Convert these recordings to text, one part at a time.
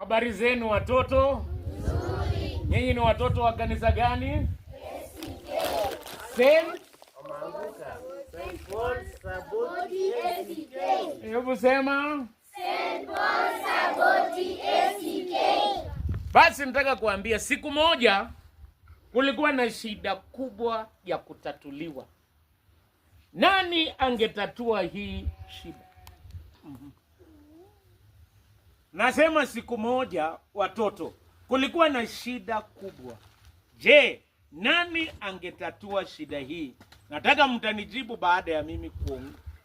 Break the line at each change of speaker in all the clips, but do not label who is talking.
Habari zenu watoto?
Nzuri.
Nyinyi ni watoto wa kanisa gani? Hebu sema Basi nataka kuambia siku moja kulikuwa na shida kubwa ya kutatuliwa. Nani angetatua hii shida? Mm-hmm. Nasema siku moja, watoto, kulikuwa na shida kubwa. Je, nani angetatua shida hii? Nataka mtanijibu baada ya mimi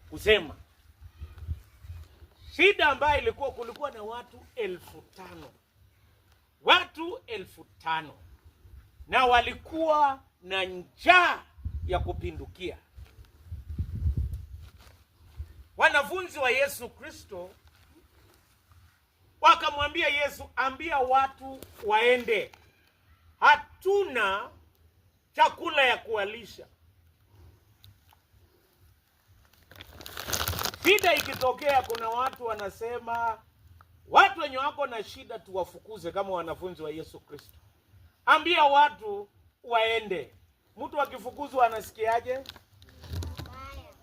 kusema shida ambayo ilikuwa. Kulikuwa na watu elfu tano watu elfu tano na walikuwa na njaa ya kupindukia. Wanafunzi wa Yesu Kristo Wakamwambia Yesu, ambia watu waende, hatuna chakula ya kuwalisha. Shida ikitokea, kuna watu wanasema watu wenye wako na shida tuwafukuze, kama wanafunzi wa Yesu Kristo. Ambia watu waende. Mtu akifukuzwa anasikiaje?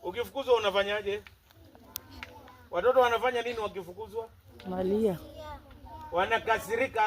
Ukifukuzwa unafanyaje? Watoto wanafanya nini wakifukuzwa? Malia wanakasirika.